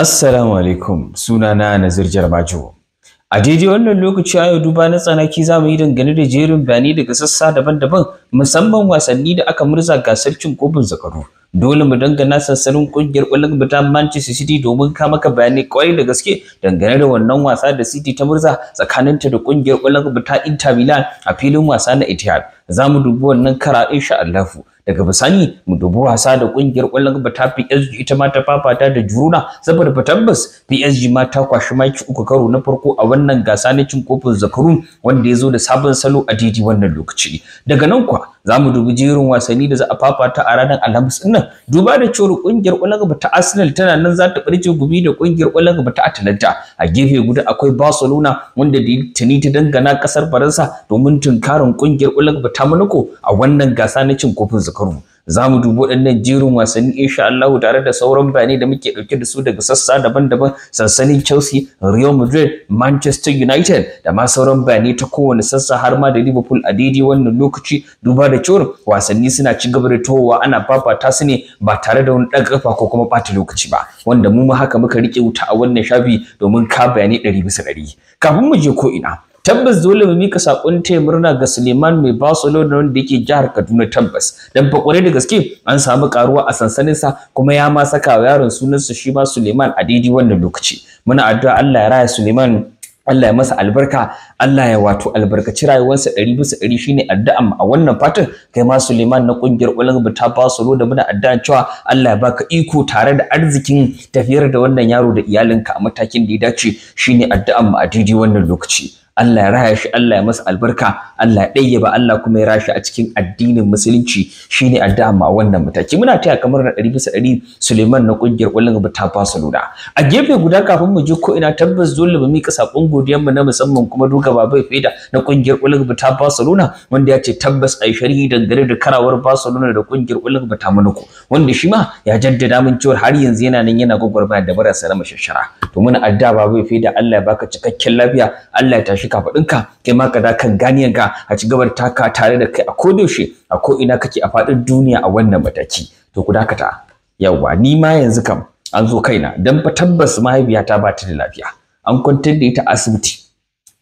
Assalamu alaikum sunana Nazir Jarmajo. A daidai wannan lokaci a yau duba na tsanaki za mu yi dangane da jerin bayanai daga sassa daban-daban musamman wasanni da aka murza gasar cin kofin zakaru. Dole mu dangana sansanin kungiyar kwallon ta Manchester City domin ka maka bayanai kwarai da gaske dangane da wannan wasa da City ta murza tsakaninta da kungiyar kwallon ta Inter Milan a filin wasa na Etihad. za mu dubi wannan kara insha Allahu, daga bisani mu dubi wasa da kungiyar kwallon gaba ta PSG ita ma ta fafata da Juruna saboda fa tabbas PSG ma ta kwashi maki uku karo na farko a wannan gasa na cin kofin zakaru wanda ya zo da sabon salo a didi wannan lokaci daga nan kuwa, za mu dubi jerin wasanni da za a fafata a ranar Alhamis din nan duba da cewa kungiyar kwallon gaba ta Arsenal tana nan za ta barce gumi da kungiyar kwallon gaba ta Atalanta a gefe guda akwai Barcelona wanda da tuni ta dangana kasar Faransa domin tunkarin kungiyar kwallon gaba Ta mu ko a wannan gasa na cin kofin zakaru za mu dubi waɗannan jerin wasanni insha Allah tare da sauran bayanai da muke ɗauke da su daga sassa daban-daban sansanin Chelsea, Real Madrid, Manchester United da ma sauran bayanai ta kowane sassa har ma da Liverpool a daidai wannan lokaci duba da cewa wasanni suna ci gaba da towa ana babata su ne ba tare da wani ɗaga ƙafa ko kuma ɓata lokaci ba wanda mu ma haka muka riƙe wuta a wannan shafi domin ka bayanai ɗari bisa ɗari kafin mu je ko ina tabbas dole mu mika sakon taya murna ga Suleiman mai Barcelona wanda yake jihar Kaduna tabbas dan fakware da gaske an samu karuwa a sansanin sa kuma ya ma saka wa yaron sunan sa shi ma Suleiman a daidai wannan lokaci muna addu'a Allah ya raya Suleiman Allah ya masa albarka Allah ya wato albarkaci rayuwarsa ɗari bisa ɗari shine addu'a a wannan fatan kai ma Suleiman na kungiyar Ulagba ta Basuro da muna addu'a cewa Allah ya baka iko tare da arzikin tafiyar da wannan yaro da iyalinka a matakin da ya dace shine addu'a mu a daidai wannan lokaci Allah ya raya shi Allah ya masa albarka Allah ya ba Allah kuma ya rashi a cikin addinin musulunci shine addu'a ma wannan mataki muna taya kamar na ɗari bisa ɗari Suleiman na ƙungiyar ƙwallon gaba ta Barcelona a gefe guda kafin mu je ko ina tabbas dole mu mika sakon godiyar mu na musamman kuma duka bai faida na ƙungiyar ƙwallon gaba ta Barcelona wanda ya ce tabbas ai sharhi dangane da karawar Barcelona da ƙungiyar ƙwallon gaba ta Monaco wanda shi ma ya jaddada min cewa har yanzu yana nan yana gwagwarmaya da barasa na mashashara to muna addu'a bai faida Allah ya baka cikakken lafiya Allah ya tashi karkashin kafaɗinka kai ma ka da kan ka a ci gaba da taka tare da kai a kodayaushe a ko ina kake a faɗin duniya a wannan mataki to ku dakata yawa ni ma yanzu kam an zo kaina dan fa tabbas mahaifiyata ba ta da lafiya an kwantar da ita asibiti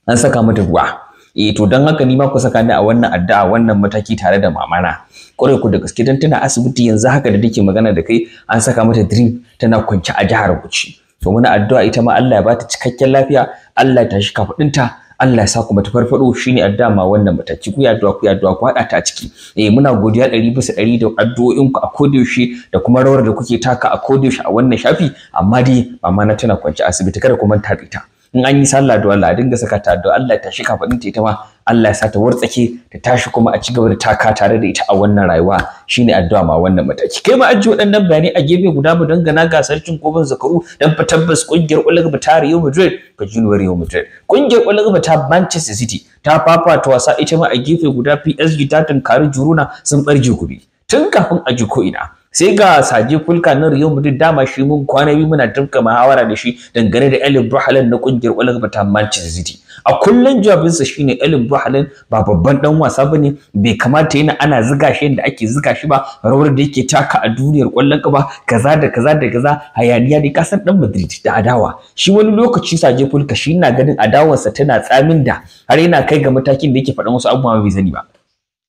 an saka mata ruwa eh to dan haka ni ma ku saka ni a wannan addu'a wannan mataki tare da mamana kwarai ku da gaske dan tana asibiti yanzu haka da take magana da kai an saka mata drip tana kwance a jihar Bauchi to muna addu'a ita ma Allah ya bata cikakken lafiya Allah ya tashi kafadinta Allah ya sa kuma ta farfado shine addama wannan matacci ku yaduwa ku yaduwa ku haɗa ta a ciki eh muna godiya ɗari bisa ɗari da addu'o'in ku a yaushe, da kuma rawar da kuke taka a yaushe a wannan shafi amma dai mama na tana kwance asibiti kada ku manta da ita in an yi sallah da Allah dinga saka ta da Allah ta tashi kafadin ta ita ma Allah ya sa ta wartsake ta tashi kuma a ci gaba da taka tare da ita a wannan rayuwa shine addu'a ma wannan mataki kai ma aji waɗannan bayanai a gefe guda mu dangana gasar cin kofin zakaru dan fa tabbas kungiyar Olagba ta Real Madrid ga Junuwar Real Madrid kungiyar Olagba ta Manchester City ta fafata wasa ita ma a gefe guda PSG ta tunkari Juruna sun barje kubi tun kafin a ji ko ina sai ga Saje fulka na Real Madrid dama shi mun kwana biyu muna tafka muhawara da shi dangane da Ellen Haaland na kungiyar ƙwallon bata Manchester City a kullun jawabinsa shine Ellen Haaland ba babban dan wasa bane bai kamata yana ana ziga shi yadda ake ziga shi ba rawar da yake taka a duniyar ƙwallon kafa kaza da kaza da kaza hayaniya da kasan dan Madrid da adawa shi wani lokaci saje fulka shi ina ganin adawarsa tana tsamin da har yana kai ga matakin da yake faɗan wasu abubuwa bai zani ba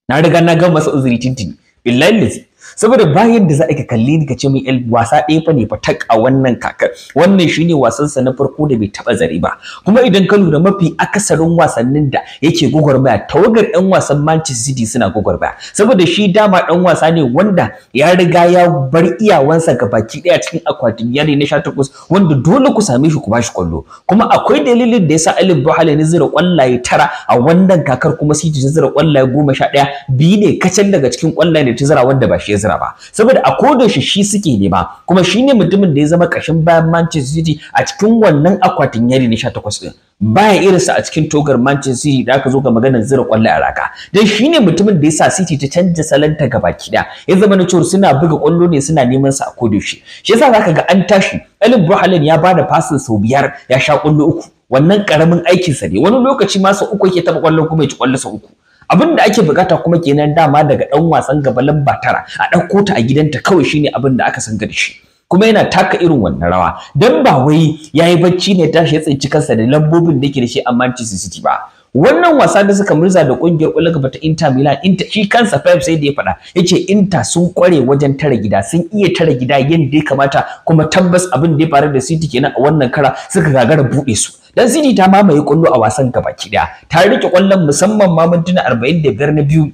na riga na ga masa uzuri tintini billahi saboda bayan da za a kalli ni ka ce mai wasa ɗaya fa ne fa tak a wannan kakar wannan shine wasansa na farko da bai taɓa zare ba kuma idan ka lura mafi akasarin wasannin da yake gwagwarmaya tawagar ɗan wasan Manchester City suna gwagwarmaya saboda shi dama ɗan wasa ne wanda ya riga ya bar iyawansa ga baki ɗaya cikin akwatin yare na sha takwas, wanda dole ku same shi ku bashi kwallo kuma akwai dalilin da ya sa Alif Buhari ne zira kwallaye tara a wannan kakar kuma City ta zira kwallaye goma sha ɗaya biyu ne kacal daga cikin kwallaye ne, ta zira wanda ba shi ya Ezra ba saboda a koda shi shi suke nema kuma shine mutumin da ya zama kashin bayan Manchester City a cikin wannan akwatin yari na 18 din baya irinsa a cikin togar Manchester City da aka zo ga maganar zira kwallo a raka dan shine mutumin da yasa City ta canja salanta gaba kida ya zama na cewa suna buga kwallo ne suna neman sa a koda shi yasa zaka ga an tashi Alin Brahalin ya bada fasin sau biyar ya sha kwallo uku wannan karamin aikinsa ne wani lokaci ma sau uku yake taba kwallo kuma ya ci kwallo sau uku abin da ake bukata kuma kenan dama daga dan wasan gaba lamba tara a ɗaukota ta a gidanta kawai shine abin da aka san da shi kuma yana taka irin wannan rawa dan ba wai yayi bacci ne tashi ya tsinci kansa da lambobin da yake da shi a Manchester City ba wannan wasa da suka murza da kungiyar kula gaba ta Inter Milan Inter shi kansa Pep sai da ya faɗa yace Inter sun kware wajen tare gida sun iya tare gida yadda ya kamata kuma tabbas abin da ya faru da City kenan a wannan kara suka gagara buɗe su dan ta mamaye kullo a wasan gabaki daya ta rike kwallon musamman ma mintuna 45 na biyu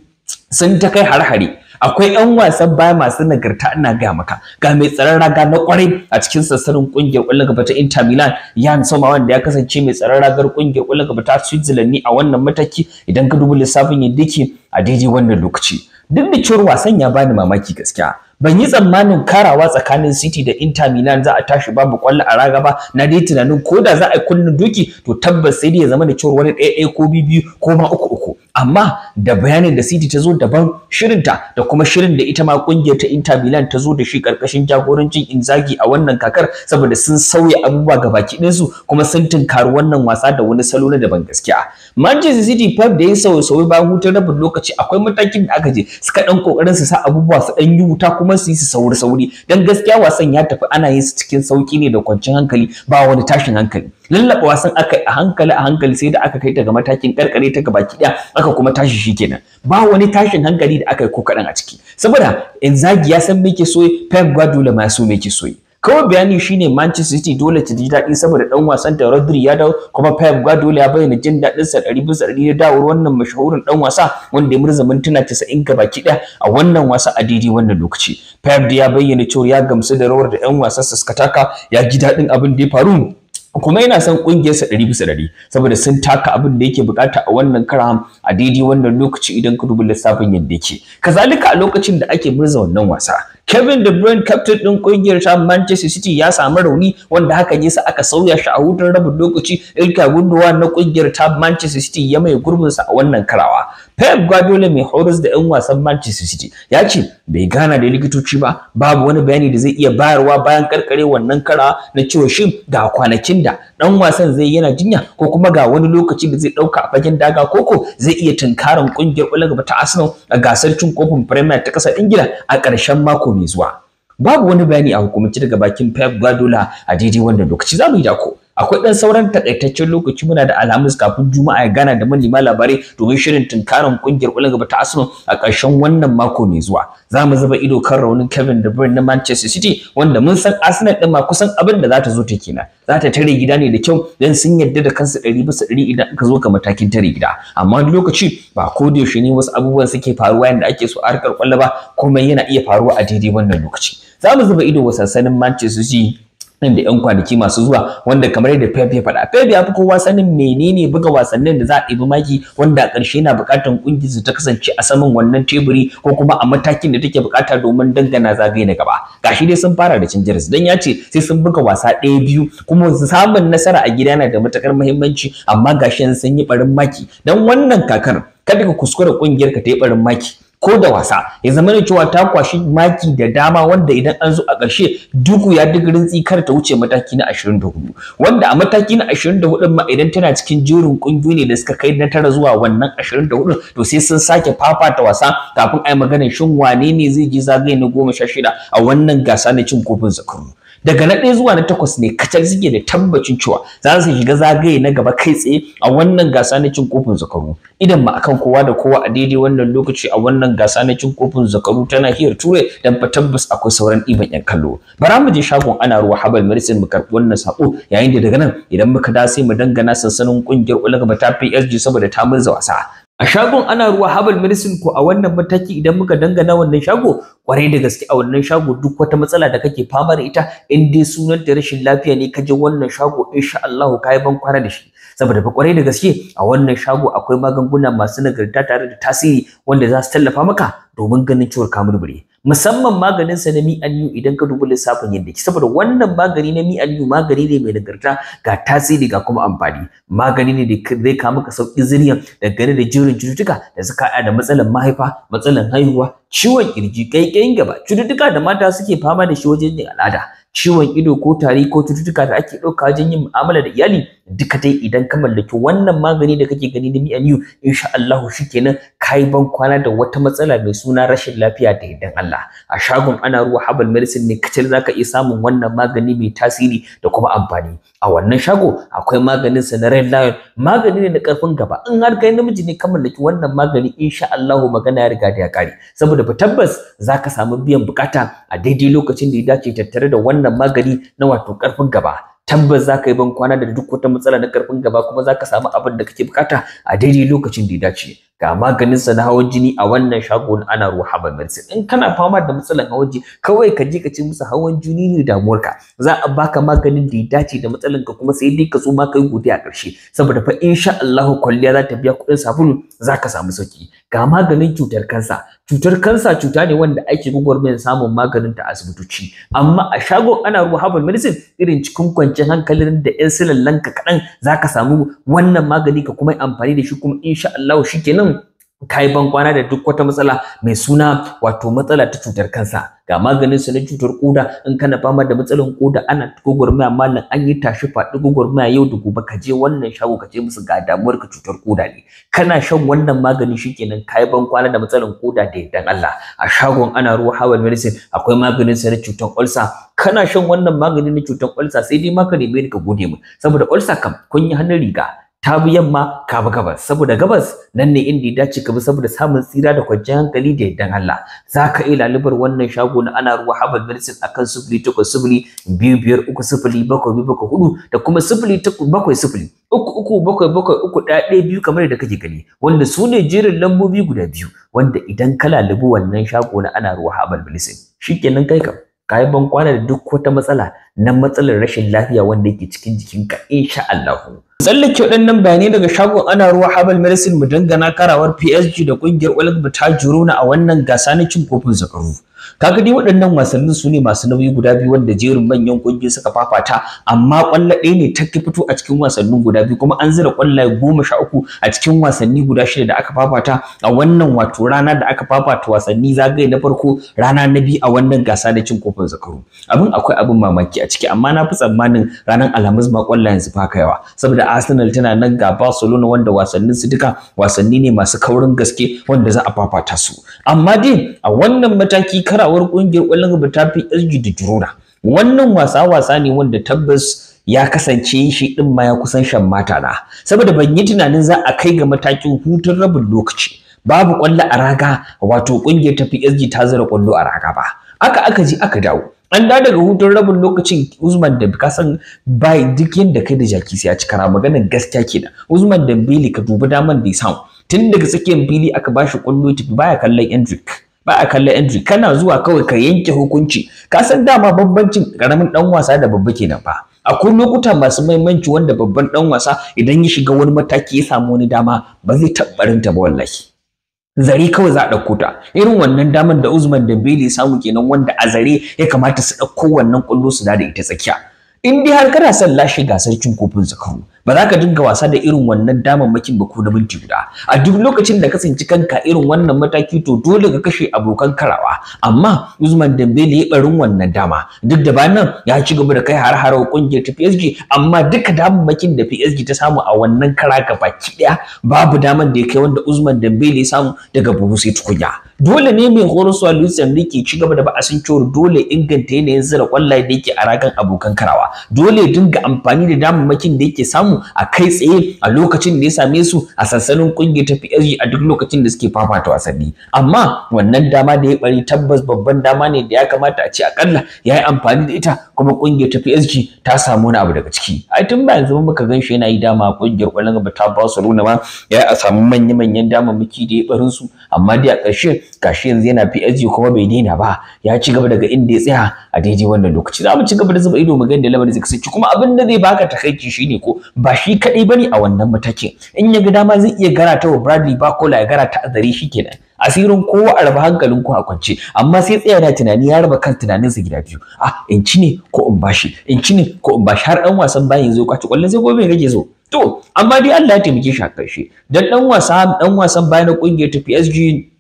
sun ta kai harhare. hare akwai 'yan wasan baya masu nagarta ina gaya maka ga mai tsaron raga na kwarai a cikin sassarin kungiyar ƙwallon gaba ta Inter Milan yan Soma wanda ya kasance mai tsaron ragar kungiyar ƙwallon gaba ta Switzerland ni a wannan mataki idan ka dubi lissafin yadda yake a daidai wannan lokaci duk da cewa wasan ya bani mamaki gaskiya ban yi tsammanin karawa tsakanin City da Inter Milan za a tashi babu kwallo a raga ba na dai tunanin ko da za a yi kullun duki to tabbas sai dai ya zama da cewa wani ɗaya ɗaya ko biyu ko ma uku uku amma da bayanin da City ta zo daban shirinta da kuma shirin da ita ma kungiyar ta Inter Milan ta zo da shi karkashin jagorancin Inzaghi a wannan kakar saboda sun sauya abubuwa ga baki ɗinsu kuma sun tunkari wannan wasa da wani salo na daban gaskiya Manchester City Pep da ya sauye-sauye bayan hutun rabin lokaci akwai matakin da aka je suka dan kokarin su sa abubuwa su dan yi wuta kuma su yi su sauri sauri dan gaskiya wasan ya tafi ana yin su cikin sauki ne da kwanciyar hankali ba wani tashin hankali lallaba wasan aka a hankali a hankali sai da aka kai ta ga matakin karkare ta gaba daya aka kuma tashi kenan, ba wani tashin hankali da aka yi ko kadan a ciki saboda Inzaghi ya san me yake so Pep Guardiola ma ya so me yake so kawai bayani shine Manchester City dole ta ji daɗi saboda dan wasan ta Rodri ya dawo kuma Pep Guardiola ya bayyana jin daɗin sa ɗari bisa ɗari da dawo wannan mashahurin dan wasa wanda ya murza mintuna 90 gabaki ɗaya a wannan wasa a daidai wannan lokaci Pep ya bayyana cewa ya gamsu da rawar da yan wasan sa suka taka ya ji daɗin abin da ya faru kuma yana son kungiyarsa ɗari bisa ɗari saboda sun taka abin da yake bukata a wannan karam a daidai wannan lokaci idan ka dubi lissafin yadda yake kazalika a lokacin da ake murza wannan wasa Kevin De Bruyne captain din kungiyar ta Manchester City ya samu rauni wanda haka ne sa aka sauya shi a hutun rabin lokaci Ilka Gundogan na kungiyar ta Manchester City ya mai gurbin a wannan karawa Pep Guardiola mai horas da yan wasan Manchester City ya ce bai gana da likitoci ba babu wani bayani da zai iya bayarwa bayan karkare wannan karawa na cewa shin ga kwanakin da dan wasan zai yana jinya ko kuma ga wani lokaci da zai dauka a fagen daga koko zai iya tunkarin kungiyar kwallon ta Arsenal a gasar cin kofin Premier ta kasar Ingila a ƙarshen mako mai zuwa babu wani bayani a hukumance daga bakin Pep Guardiola a daidai wannan lokaci za mu yi dako akwai ɗan sauran takaitaccen lokaci muna da alhamis kafin juma'a ya gana da manema labarai domin shirin tunkarin kungiyar ƙwallon gaba ta arsenal a ƙarshen wannan mako mai zuwa za mu zuba ido kan raunin kevin de bruyne na manchester city wanda mun san arsenal din ma kusan abin da za ta zo ta kenan za ta tare gida ne da kyau don sun yarda da kansu ɗari bisa ɗari idan aka zo ga matakin tare gida amma lokaci ba ko da yaushe ne wasu abubuwan suke faruwa yadda ake so a harkar ƙwallo ba komai yana iya faruwa a daidai wannan lokaci za mu zuba ido wa sansanin manchester city nan da 'yan kwanaki masu zuwa wanda kamar yadda Pep ya faɗa Pep ya fi kowa sanin menene buga wasannin da za a ɗibi maki wanda a ƙarshe yana buƙatar ƙungiyar ta kasance a saman wannan teburi ko kuma a matakin da take buƙata domin dangana zagaye na gaba gashi dai sun fara da cin jiris dan ya ce sai sun buga wasa ɗaya biyu kuma samun nasara a gida yana da matuƙar muhimmanci amma gashi sun yi barin maki dan wannan kakar kada ka kuskura ƙungiyar ka ta yi barin maki ko da wasa ya zama ne cewa ta kwashi maki da dama wanda idan an zo a ƙarshe duku ya duk rintsi kar ta wuce mataki na 24 wanda a mataki na 24 ma idan tana cikin jerin ƙungiyoyi ne da suka kai na tara zuwa wannan 24 to sai sun sake fafata wasa kafin a yi maganar shin wane ne zai je zagaye na goma sha shida a wannan gasa na cin kofin zakaru daga na ɗaya zuwa na takwas ne kacal suke da tabbacin cewa za su shiga zagaye na gaba kai tsaye a wannan gasa na cin kofin zakaru idan ma akan kowa da kowa a daidai wannan lokaci a wannan gasa na cin kofin zakaru tana hiyar ture dan fa tabbas akwai sauran iban yan kallo bara mu je shagon ana ruwa habal medicine mu karɓi wannan sako yayin da daga nan idan muka dace mu dangana sansanin kungiyar ba ta PSG saboda ta murza wasa a shagon ana ruwa herbal medicine ko a wannan mataki idan muka dangana wannan shago kwarai da gaske a wannan shago duk wata matsala da kake fama da ita in dai sunan da rashin lafiya ne kaje wannan shago insha Allah ka ban kwana da shi saboda fa kwarai da gaske a wannan shago akwai magunguna masu nagarta tare da tasiri wanda za su tallafa maka domin ganin ciwon ka murmure musamman maganin sa na mi aliyu idan ka duba lissafin yadda ki saboda wannan magani na mi aliyu magani ne mai nagarta ga tasiri ga kuma amfani magani ne da zai kawo maka sauki zuriya dangane da jirin cututtuka da suka haɗa da matsalan mahaifa matsalan haihuwa ciwon kirji kaikayin gaba cututtuka da mata suke fama da shi wajen al'ada ciwon ido ko tari ko cututtuka da ake ɗauka wajen yin mu'amala da iyali duka dai idan ka mallaki wannan magani da kake gani da mi and you insha Allah kenan kai ban kwana da wata matsala mai suna rashin lafiya da idan Allah a shagon ana ruwa habal medicine ne kacal za ka iya samun wannan magani mai tasiri da kuma amfani a wannan shago akwai maganin sa na red lion magani ne na karfin gaba in har kai namiji ne ka mallaki wannan magani insha Allah magana ya riga da ya kare saboda ba tabbas zaka samu biyan bukata a daidai lokacin da ya dace tattare da wannan magani na wato karfin gaba tabbas zaka yi ban kwana da duk wata matsala na karfin gaba kuma zaka samu abin da kake bukata a daidai lokacin da ya dace ga sa na hawan jini a wannan shago na ana ruwa haban medicine in kana fama da matsalan hawan jini kawai ka je ka ce musu hawan jini ne damuwarka za a baka maganin da ya dace da matsalan ka kuma sai dai ka zo ma kai godiya a ƙarshe saboda fa insha Allah kwalliya za ta biya kuɗin sabulu za ka samu sauki ga maganin cutar kansa cutar kansa cuta ne wanda ake gwagwarmayar samun maganin ta asibitoci amma a shago ana ruwa herbal medicine irin cikin kwanciyar hankalin da yan ka kaɗan za ka samu wannan magani ka kuma amfani da shi kuma insha Allah shikenan kai ban kwana da duk wata matsala mai suna wato matsala ta cutar kansa ga maganin su na cutar koda in kana fama da matsalan koda ana gugurmaya mallan an yi tashi faɗi gugurmaya yau da gobe ka je wannan shago ka je musu ga damuwar ka cutar koda ne kana shan wannan magani shikenan kai ban kwana da matsalan koda da yardan Allah a shagon ana ruwa herbal medicine akwai maganin sa na cutar ulcer kana shan wannan magani na cutar ulcer sai dai maka ne ka gode mu saboda ulcer kam kun yi hannun riga ta bi yamma ka bi gabas saboda gabas nan ne inda ya dace ka bi saboda samun tsira da kwanciyar hankali da yardan Allah za ka iya lalubar wannan shago na ana ruwa habal medicine akan sifili takwas sifili biyu biyar uku sifili bakwai biyu bakwai hudu da kuma sifili bakwai sifili uku uku bakwai bakwai uku ɗaya biyu kamar da kake gani wanda su ne jerin lambobi guda biyu wanda idan ka lalubi wannan shago na ana ruwa habal medicine shikenan kai kam ka yi ban kwana da duk wata matsala na matsalar rashin lafiya wanda yake cikin jikinka insha Allah tsallake waɗannan bayanai daga shagon ana ruwa habal medicine mu dangana karawar psg da ƙungiyar olympic ta jirona a wannan gasa na cin kofin zakaru kaga dai waɗannan wasannin su ne masu nauyi guda biyu wanda jerin manyan ƙungiyoyi suka fafata amma ƙwallo ɗaya ne ta fito a cikin wasannin guda biyu kuma an zira ƙwallaye goma sha uku a cikin wasanni guda shida da aka fafata a wannan wato rana da aka fafata wasanni zagaye na farko rana na biyu a wannan gasa na cin kofin zakaru abin akwai abin mamaki a ciki amma na fi tsammanin ranar alhamis ma ƙwallayen su fa kaiwa saboda Arsenal tana nan ga Barcelona wanda wasannin su duka wasanni ne masu kaurin gaske wanda za a fafata su amma dai a wannan mataki karawar kungiyar ƙwallon gaba ta fi SG da Girona wannan wasa wasa ne wanda tabbas ya kasance shi ɗin ma ya kusan shan mata na saboda ban yi tunanin za a kai ga matakin hutun rabin lokaci babu ƙwallo a raga wato ƙungiyar ta PSG ta zara kwallo a raga ba aka aka ji aka dawo an da daga hutun rabin lokacin Usman da ka san bai duk yadda kai da jaki sai a ci kara maganar gaskiya kenan Usman bili ka dubi daman da ya samu tun daga tsakiyar bili aka bashi kullo tafi baya kallon Endrick ba a kallon Endrick kana zuwa kawai ka yanke hukunci ka san dama bambancin karamin dan wasa da babba kenan fa akwai lokuta masu mahimmanci wanda babban dan wasa idan ya shiga wani mataki ya samu wani dama ba zai tabbarinta ba wallahi zare kawai za a ɗauko ta irin wannan damar da Usman da Bele samu kenan wanda a zare ya kamata su ɗauko wannan ƙwallo su da ita tsakiya in dai har kana son lashe gasar cin kofin kawo. ba za ka dinga wasa da irin wannan damammakin ba ko da minti guda a duk lokacin da ka tsinci kanka irin wannan mataki to dole ka kashe abokan karawa amma Usman Dembele ya barin wannan dama duk da banan ya ci gaba da kai har har kungiyar ta PSG amma duka damammakin da PSG ta samu a wannan kara baki daya babu daman da ya kai wanda Usman Dembele ya samu daga Borussia Tukunya dole ne mai horo horoswa Luis Enrique ci gaba da ba a san cewa dole inganta yanayin zira kwallaye da yake a ragan abokan karawa dole dinga amfani da damammakin da yake samu samu a kai tsaye a lokacin da ya same su a sansanin kungiyar ta PSG a duk lokacin da suke fafata wasanni amma wannan dama da ya bari tabbas babban dama ne da ya kamata a ce akalla ya yi amfani da ita kuma kungiyar ta PSG ta samu wani abu daga ciki ai tun ba yanzu muka gan shi yana yi dama kungiyar kwallon gaba ta Barcelona ma ya a samu manya-manyan damammaki da ya barin su amma dai a ƙarshe gashi yanzu yana PSG kuma bai daina ba ya ci gaba daga inda ya tsaya a daidai wannan lokaci za mu ci gaba da zuba ido mu ga da lamarin zai kasance kuma abin da zai baka takaici shine ko ba shi kadai bane a wannan matakin in ya ga dama zai iya garata wa Bradley Bacola ya garata a shi kenan, asirin kowa a raba hankalin ku a kwance amma sai tsaya na tunani ya raba kan tunaninsa gida biyu ah in ci ne ko in bashi in ci ne ko in bashi har dan wasan bayan zai kwace kwallon sai gobe rage zo to amma dai Allah ya taimake shi a karshe dan dan wasan dan wasan bayan kungiyar ta PSG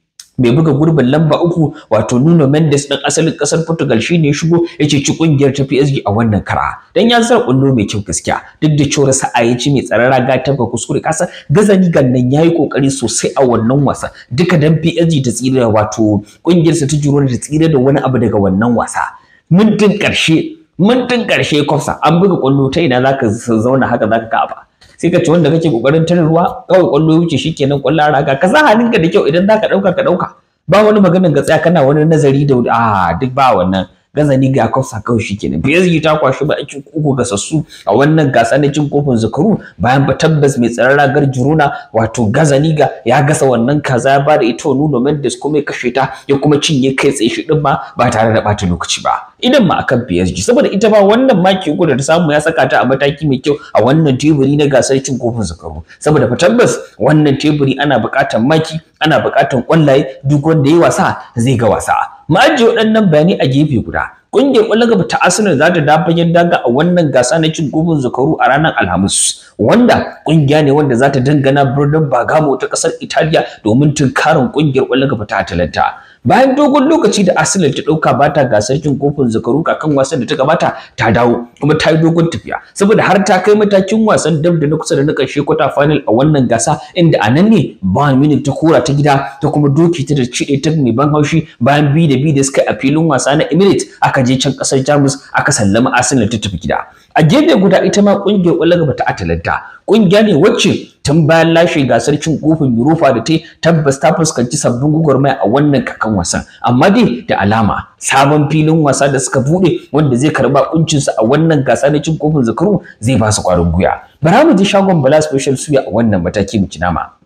mai buga gurbin lamba uku wato Nuno Mendes dan asalin ƙasar Portugal shine ya shigo ya ceci kungiyar ta PSG a wannan kara dan ya zara kullo mai kyau gaskiya duk da cewa sa'a ya ci mai tsaron raga ta ga kuskure kasa gazani gannan yi kokari sosai a wannan wasa duka dan PSG ta tsira wato kungiyar sa ta juro ta tsira da wani abu daga wannan wasa mintin karshe mintin karshe kofsa an buga kullo ta ina zaka zauna haka zaka kafa sai ka ci wanda kake kokarin tare ruwa kawai kwallo wuce shikenan kwallo raga ka sa hannunka da kyau idan zaka dauka ka dauka ba wani maganin ga kana wani nazari da a duk ba wannan gaza ni ga kofa kawai shikenan PSG ta kwashi bakin uku gasassu a wannan gasa na cin kofin zakaru bayan ba tabbas mai tsaron ragar juruna wato gaza ga ya gasa wannan kaza ya bada ita wa Nuno Mendes kuma ya kashe ta ya kuma cinye kai tsaye shi din ma ba tare da bata lokaci ba idan ma akan PSG saboda ita ba wannan maki uku da ta samu ya saka ta a mataki mai kyau a wannan teburi na gasar cin kofin zakaru saboda fa tabbas wannan teburi ana buƙatar maki ana buƙatar kwallaye duk wanda ya wasa zai ga wasa ma ajiye waɗannan bayanai a gefe guda Ƙungiyar ƙwallon gaba ta Arsenal za ta dafagen daga a wannan gasa na cin kofin zakaru a ranar Alhamis, wanda ƙungiya ne wanda za ta dangana birnin bagamo ta ƙasar Italiya domin tunkarin ƙungiyar ƙwallon gaba ta Atalanta. Bayan dogon lokaci da Arsenal ta ɗauka ba ta gasar cin kofin zakaru kakan wasan da ta gabata ta dawo kuma ta yi dogon tafiya saboda har ta kai matakin wasan dab da na kusa da na ƙarshe kwata final a wannan gasa inda a nan ne Bayern Munich ta kora ta gida ta kuma doki ta da cide ta mai ban haushi bayan bi da bi da suka a filin wasa na Emirates aka aka je can kasar Jamus aka sallama Arsenal ta tafi gida a gefe guda ita ma kungiyar ƙwallon ta Atalanta kungiya ne wacce tun bayan lashe gasar cin kofin Europa da ta tabbas ta fuskanci sabbin maya a wannan kakan wasan amma dai da alama sabon filin wasa da suka bude wanda zai karba su a wannan gasa na cin kofin zakaru zai ba su kwarin gwiwa bara mu ji shagon Bala Special Suya a wannan mataki mu ci nama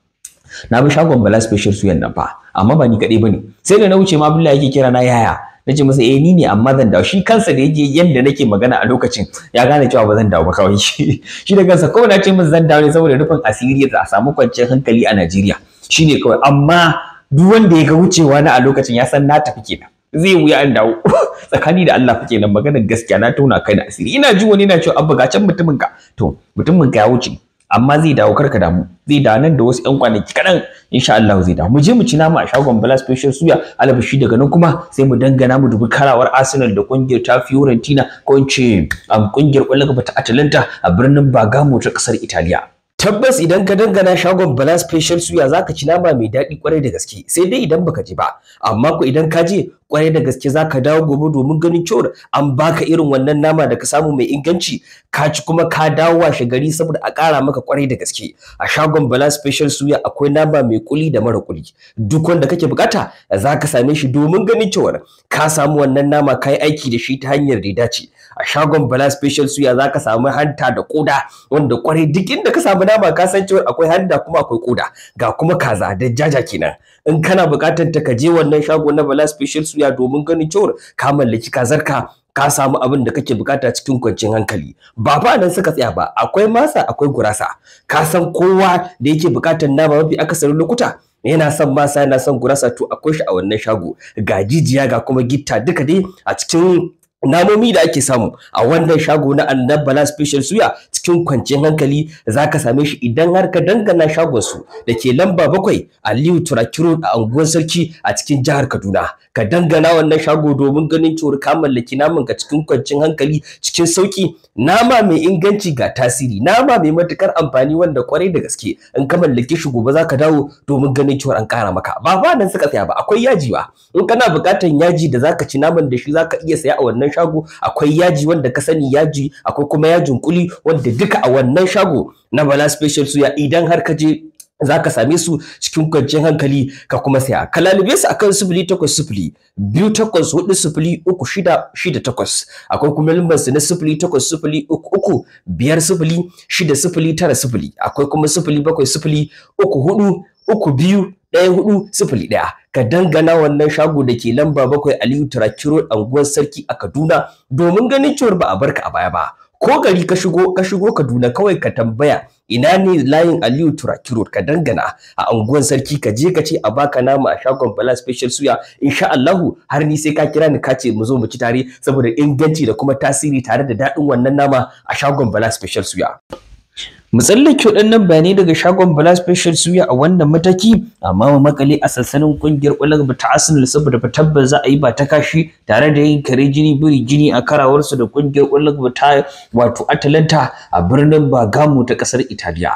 na bi shagon Bala Special Suyan nan fa amma ba ni kaɗai bane sai da na wuce ma Abdullahi yake kira na yaya nace masa eh ni ne amma zan dawo shi kansa da yaje yanda nake magana a lokacin ya gane cewa ba zan dawo ba kawai shi shi da kansa kuma na ce masa zan dawo ne saboda rufin asiri da a samu kwanciyar hankali a Najeriya Shi ne kawai amma duk wanda ya ga wucewa na a lokacin ya san na tafi kenan zai wuya an dawo tsakani da Allah fike nan maganar gaskiya na tona kai na asiri ina ji wani na cewa abba ga can mutumin ka to mutumin ka ya wuce amma zai dawo ka damu zai dawo nan da wasu ƴan kwanaki kaɗan insha Allah zai dawo mu je mu ci nama a shagon Bala Special Suya alabashi daga nan kuma sai mu dangana mu dubi karawar Arsenal da kungiyar ta Fiorentina ko in ce kungiyar um, ƙwallon ta Atalanta a birnin Bergamo ta ƙasar Italiya tabbas idan ka dangana shagon Bala Special Suya zaka ci nama mai daɗi kwarai da gaske sai dai idan baka je ba amma ko idan ka je kwarai da gaske za ka dawo gobe domin ganin cewar an baka irin wannan nama da ka samu mai inganci ka ci kuma ka dawo washe gari saboda a ƙara maka kwarai da gaske a shagon bala special suya akwai nama mai kuli da mara kuli duk wanda kake bukata za ka same shi domin ganin cewar ka samu wannan nama ka yi aiki da shi ta hanyar da dace a shagon bala special suya za ka samu hanta da koda wanda kwarai duk inda ka samu nama ka san cewar akwai hanta kuma akwai koda ga kuma kaza da jaja kenan in kana bukatar ta ka je wannan shago na bala special suya domin ganin cewar ka mallaki kazarka ka samu abin da kake bukata cikin kwanciyar hankali ba ba nan suka tsaya ba akwai masa akwai gurasa ka san kowa da yake bukatar nama mafi akasarin lokuta yana son masa yana son gurasa to akwai shi a wannan shago ga jijiya ga kuma gitta duka dai a cikin namomi da ake samu a wannan shago na annabala special suya cikin kwanciyar hankali za ka same shi idan har ka dangana shagonsu da ke lamba bakwai aliyu turakiro a unguwar sarki a cikin jihar kaduna ka dangana wannan shago domin ganin cewar ka mallaki naman ka cikin kwancin hankali cikin sauki nama mai inganci ga tasiri nama mai matukar amfani wanda kwarai da gaske in ka mallaki shi gobe ka dawo domin ganin cewar an kara maka ba ba nan suka tsaya ba akwai yaji ba in kana bukatan yaji da zaka ci naman da shi zaka iya saya a wannan shago akwai yaji wanda ka sani yaji akwai kuma yajin kuli wanda duka a wannan shago na Bala Special Suya idan har ka je za ka same su cikin kwanciyar hankali ka kuma saya ka lalube su akan sifili takwas sifili biyu takwas hudu sifili uku shida shida takwas akwai kuma lambar su na sifili takwas sifili uku uku biyar sifili shida sifili tara sifili akwai kuma sifili bakwai sifili uku hudu uku biyu ɗaya hudu sifili ɗaya ka dangana wannan shago da ke lamba bakwai aliyu turakiro anguwar sarki a kaduna domin ganin cewar ba a barka a baya ba ko gari ka shigo ka shigo Kaduna kawai ka tambaya ina ne layin Aliyu Turaki Road ka dangana a anguwan sarki ka je ka ce a baka nama a shagon Bala Special Suya insha Allahu har ni sai ka kira ni ka ce mu zo mu ci tare saboda inganci da kuma tasiri tare da daɗin wannan nama a shagon Bala Special Suya mu tsallake waɗannan bayanai daga shagon Bala Special Suya a wannan mataki amma mu makale a sansanin kungiyar ƙwallon ta Arsenal saboda ba tabbas za a yi ba ta kashi tare da yin kare jini biri jini a karawarsu da kungiyar ƙwallon ta wato Atalanta a birnin bagamo ta ƙasar Italiya.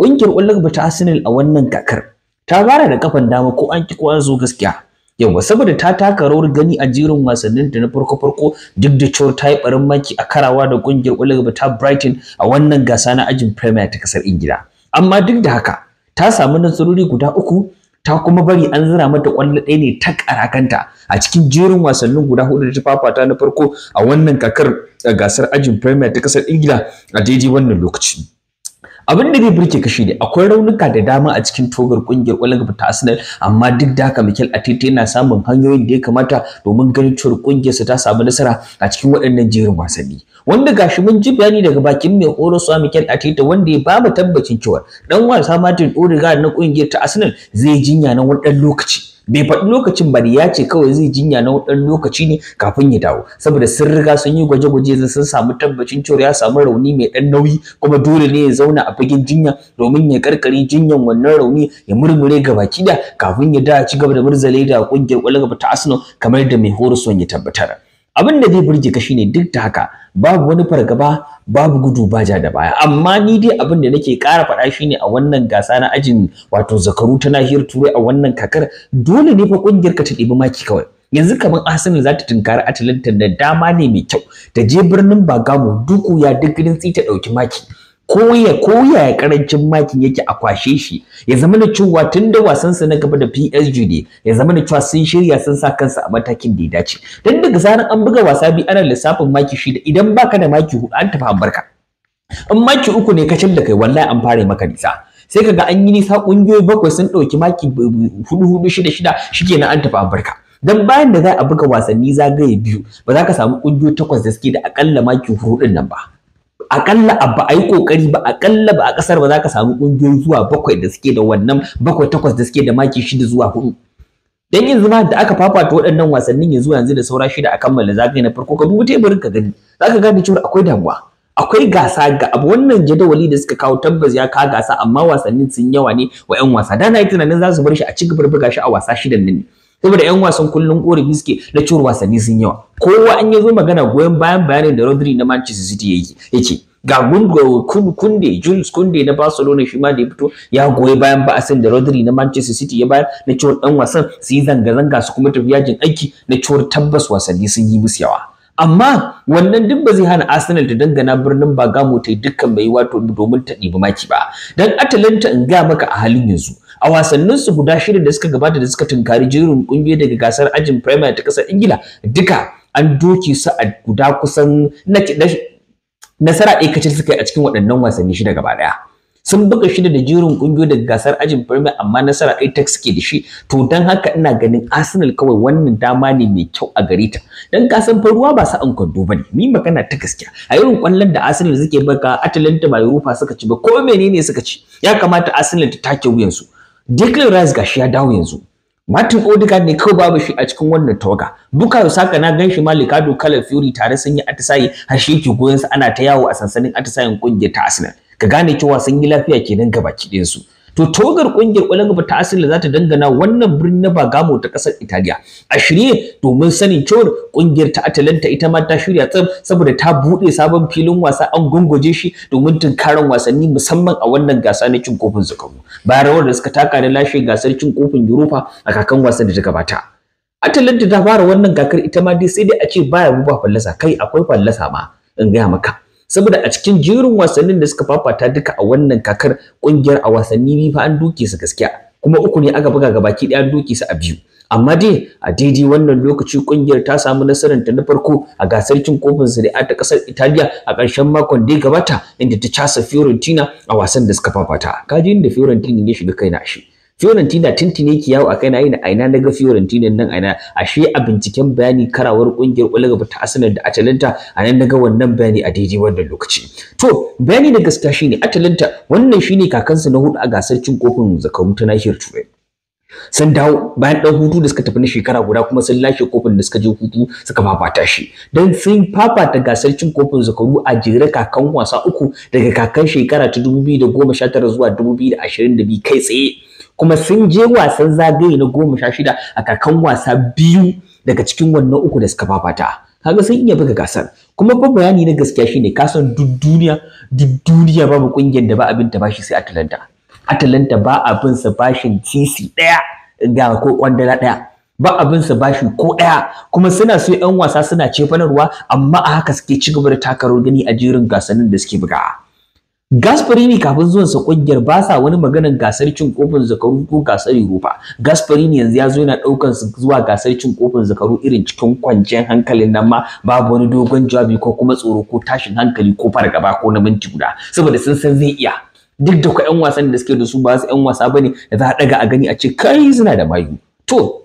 Kungiyar ƙwallon ta Arsenal a wannan kakar ta bara da kafan dama ko an ki ko an zo gaskiya. yawa saboda ta taka rawar gani a jerin wasannin ta na farko farko duk da cewa ta yi barin maki a karawa da kungiyar kwallon ta Brighton a wannan gasa na ajin Premier ta kasar Ingila amma duk da haka ta samu nasarori guda uku ta kuma bari an zira mata kwallo ɗaya ne ta karakanta a cikin jerin wasannin guda hudu da ta fafata na farko a wannan kakar eh, gasar ajin Premier ta kasar Ingila a daidai wannan lokacin. abin da zai burke kashi ne akwai raunuka da dama a cikin togar kungiyar kwallon gaba ta Arsenal amma duk da haka Mikel Arteta yana samun hanyoyin da ya kamata domin ganin cewa kungiyarsa ta samu nasara a cikin waɗannan jerin wasanni wanda gashi mun ji bayani daga bakin mai horoswa Mikel Arteta wanda ya ba mu tabbacin cewa dan wasa Martin Odegaard na kungiyar ta Arsenal zai jinya na wani lokaci bai faɗi lokacin ba ya ce kawai zai jinya na ɗan lokaci ne kafin ya dawo saboda sun riga sun yi gwaje-gwaje sun samu tabbacin cewa ya samu rauni mai ɗan nauyi kuma dole ne ya zauna a fagen jinya domin ya karkare jinyan wannan rauni ya murmure ga baki da kafin ya da ci gaba da murzale da kungiyar kwallon gaba ta Arsenal kamar da mai horoson ya tabbatar abin da zai burge ka shine duk da haka babu wani fargaba babu gudu ba ja da baya amma ni dai abin da nake ƙara faɗa shine a wannan gasa na ajin wato zakaru ta nahiyar turai a wannan kakar dole ne fa ƙungiyarka ka ta ɗebi maki kawai yanzu kamar Arsenal za ta tunkari Atalanta da dama ne mai kyau ta je birnin Bagamo duku ya digirin ta ɗauki maki ko ya koya ya karancin makin yake a kwashe shi ya zama da cewa tun da wasan sa na gaba da PSG ne ya zama da cewa sun shirya sun sa kansa a matakin da ya dace dan daga zaran an buga wasa bi ana lissafin maki shida idan baka da maki hudu an tafi in maki uku ne ka da kai wallahi an fara maka nisa sai kaga an yi nisa kungiyoyi bakwai sun dauki maki hudu hudu shida shida shikenan an tafi barka dan bayan da za a buga wasanni zagaye biyu ba za ka samu kungiyoyi takwas da suke da akalla maki hudu nan ba akalla ba a yi kokari ba akalla ba a kasar ba za ka samu kungiyoyi zuwa bakwai da suke da wannan bakwai takwas da suke da maki shida zuwa hudu dan yanzu ma da aka fafata waɗannan wasannin yanzu yanzu da saura shida a kammala za ka yi na farko ka dubu teburin ka gani za ka gane cewa akwai damuwa akwai gasa ga abu wannan jadawali da suka kawo tabbas ya ka gasa amma wasannin sun yawa ne wa 'yan wasa da na yi tunanin za su bar shi a ci burbuga shi a wasa shidan nan ne saboda yan wasan kullun korafi suke na cewar wasanni sun yawa kowa an zo magana goyon bayan bayanin da Rodri na Manchester City yake yake ga kunde Jules Kunde na Barcelona shi ma da ya fito ya goyi bayan ba'asin da Rodri na Manchester City ya bayar na cewar dan wasan su yi zanga-zanga su kuma tafi yajin aiki na cewar tabbas wasanni sun yi musu yawa amma wannan duk ba zai hana Arsenal ta dangana birnin Bagamo ta yi dukkan mai wato domin ta ɗibi maki ba don Atalanta in gaya maka a halin yanzu a wasannin su guda shirin da suka gabata da suka tunkari jerin kungiyar daga gasar ajin primary ta kasar ingila duka an doke su a guda kusan nasara ɗaya suka yi a cikin waɗannan wasanni shida gaba ɗaya sun buga shida da jerin kungiyoyi daga gasar ajin premier amma nasara ɗaya ta suke da shi to don haka ina ganin arsenal kawai wannan dama ne mai kyau a gare ta don ka san faruwa ba an kwando ba ne ni magana ta gaskiya a irin kwallon da arsenal suke baka atalanta ba europa suka ci ba ko menene suka ci ya kamata arsenal ta take wuyansu Declan Rice shi ya dawo yanzu. Martin Odegaard ne kawai babu shi a cikin wannan tawaga. Bukayo Saka na ganshi ma Ricardo kala Fury tare sun yi atisaye har shi yake goyon sa ana ta yawo a sansanin atisayin kungiyar ta Arsenal. Ka gane cewa sun yi lafiya kenan gabaki ɗayan su. to togar kungiyar kwallon gaba ta asila za ta dangana wannan birni na bagamo ta kasar Italiya a shirye domin sanin cewar kungiyar ta Atalanta ita ma ta shirya tsab saboda ta buɗe sabon filin wasa an gungoje shi domin tunkaran wasanni musamman a wannan gasa na cin kofin zakaru bayan rawar da suka taka da lashe gasar cin kofin Europa a kakan wasan da ta gabata Atalanta ta fara wannan kakar ita ma dai sai dai a ce baya ba fallasa kai akwai fallasa ma in gaya maka saboda a cikin jerin wasannin da suka fafata duka a wannan kakar kungiyar a wasanni ni fa an duke su gaskiya kuma uku ne aka buga gabaki ɗaya an duke su a biyu amma dai a daidai wannan lokaci kungiyar ta samu nasarar ta na farko a gasar cin kofin Serie ta kasar Italiya a ƙarshen makon da ya gabata inda ta casa Fiorentina a wasan da suka fafata kaji inda Fiorentina ya shiga kaina shi Fiorentina tintine ki yawo a kaina ina aina na ga Fiorentina nan aina ashe a binciken bayani karawar kungiyar Olga ta Arsenal da Atalanta a nan daga wannan bayani a daidai wannan lokaci to bayani da gaskiya shine Atalanta wannan shine kakansa na hudu a gasar cin kofin zakaru ta nahiyar Turai sun dawo bayan dan hutu da suka tafi na shekara guda kuma sun lashe kofin da suka je hutu suka fafata shi dan sun fafata gasar cin kofin zakaru a jere kakan wasa uku daga kakan shekara ta tara zuwa da 2022 kai tsaye kuma sun je wasan zagaye na goma sha shida a kakan wasa biyu daga cikin wannan uku da suka fafata kaga sun iya buga gasar kuma ba bayani na gaskiya shine kasan duk duniya duk duniya babu kungiyar da ba abin ta bashi sai Atalanta Atalanta ba abin sa bashin CC daya ga ko kwandala daya ba abin sa bashi ko ɗaya kuma suna so 'yan wasa suna cefanarwa amma a haka suke ci gaba da takarar gani a jerin gasannin da suke buga. Gasparini kafin zuwan sa kungiyar ba sa wani maganan gasar cin kofin zakaru ko gasar Europa. Gasparini yanzu ya zo yana daukar su zuwa gasar cin kofin zakaru irin cikin kwanciyar hankalin nan ma babu wani dogon jawabi ko kuma tsoro ko tashin hankali ko fargaba ko na minti guda saboda sun san zai iya. Duk da kuwa 'yan wasan da suke da su ba su 'yan wasa bane da za a daga a gani a ce kai suna da mayu. To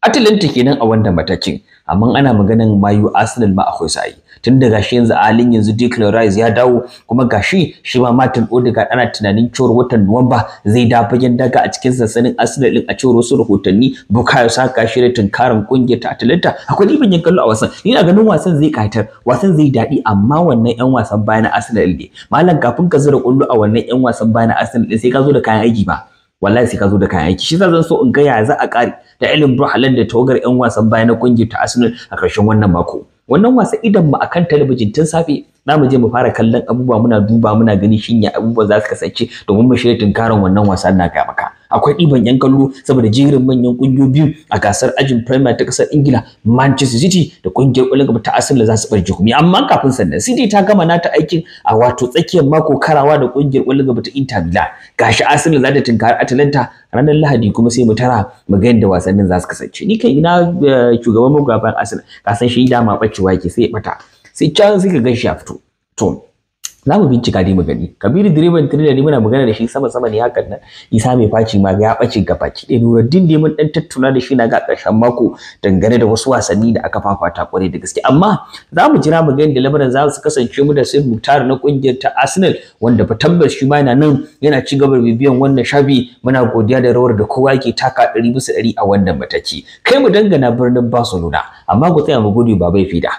Atalanta kenan a wannan matakin. amma ana maganan mayu Arsenal ma akwai sa yi, tun da gashi yanzu halin yanzu Declan ya dawo kuma gashi shi ma Martin Odegaard ana tunanin cewar watan Nuwamba zai da fagen daga a cikin sansanin Arsenal din a cewar wasu rahotanni Bukayo Saka shi da tunkarin kungiyar ta Atalanta akwai liban yin kallo a wasan ni na ganin wasan zai kaitar wasan zai daɗi amma wannan yan wasan baya na Arsenal ne malam kafin ka zura kullu a wannan yan wasan baya na Arsenal din sai ka zo da kayan aiki ba wallahi sai ka zo da kayan aiki shi zan so in ga ya za a kare da Ellen Brook da tawagar yan wasan baya na kungiyar ta Arsenal a ƙarshen wannan mako wannan wasa idan mu akan talabijin tun safe za mu je mu fara kallon abubuwa muna duba muna gani shin ya abubuwa za su kasance domin mu shirya tunkarin wannan wasan na ga maka akwai ɗiban yan kallo saboda jerin manyan ƙungiyoyi biyu a gasar ajin Premier ta ƙasar Ingila Manchester City da ƙungiyar ƙwallon gaba ta Arsenal za su bar kuma amma kafin sannan City ta gama nata aikin a wato tsakiyar mako karawa da ƙungiyar ƙwallon gaba ta Inter Milan gashi Arsenal za ta tunkari Atalanta ranar Lahadi kuma sai mu tara mu ga yadda wasannin za su kasance ni kai ina eh, shugaban magoya Gasar Arsenal ka san shi dama bacewa ke, sai ya bata sai can sai ka gan shi a fito to za mu bincika dai mu gani kabiru direban tirila ne muna magana da shi sama sama ne hakan nan isa mai faci ma ya bace ga baki ɗaya nuruddin ne mun dan tattuna da shi na ga karshen mako dangane da wasu wasanni da aka fafata kwarai da gaske amma za mu jira mu gani da lamarin za su kasance mu da sai mutar na kungiyar ta arsenal wanda ba tabbas shi ma yana nan yana ci gaba da bibiyan wannan shabi muna godiya da rawar da kowa yake taka ɗari bisa ɗari a wannan mataki kai mu dangana birnin barcelona amma ku tsaya mu gode babai fida